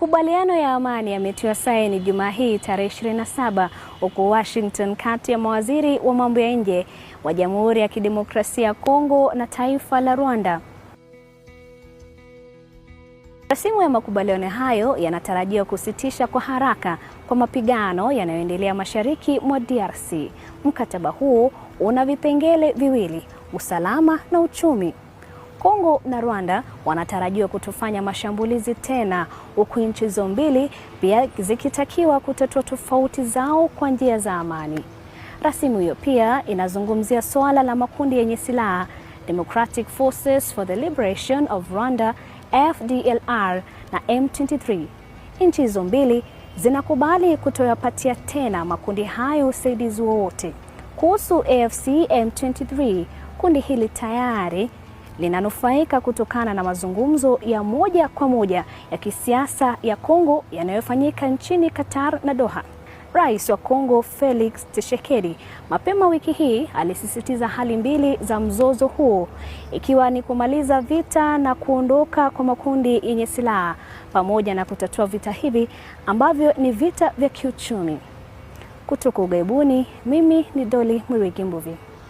Makubaliano ya amani yametiwa saini Jumaa hii tarehe 27 huko Washington kati ya mawaziri wa mambo ya nje wa Jamhuri ya Kidemokrasia ya Kongo na taifa la Rwanda. Rasimu ya makubaliano hayo yanatarajiwa kusitisha kwa haraka kwa mapigano yanayoendelea mashariki mwa DRC. Mkataba huu una vipengele viwili, usalama na uchumi. Kongo na Rwanda wanatarajiwa kutofanya mashambulizi tena, huku nchi hizo mbili pia zikitakiwa kutatua tofauti zao kwa njia za amani. Rasimu hiyo pia inazungumzia suala la makundi yenye silaha Democratic Forces for the Liberation of Rwanda FDLR na M23. Nchi hizo mbili zinakubali kutoyapatia tena makundi hayo usaidizi wowote. Kuhusu AFC M23, kundi hili tayari linanufaika kutokana na mazungumzo ya moja kwa moja ya kisiasa ya Kongo yanayofanyika nchini Qatar na Doha. Rais wa Kongo Felix Tshisekedi mapema wiki hii alisisitiza hali mbili za mzozo huo ikiwa ni kumaliza vita na kuondoka kwa makundi yenye silaha pamoja na kutatua vita hivi ambavyo ni vita vya kiuchumi. Kutoka ugaibuni, mimi ni Doli Mwiwiki Mbuvi.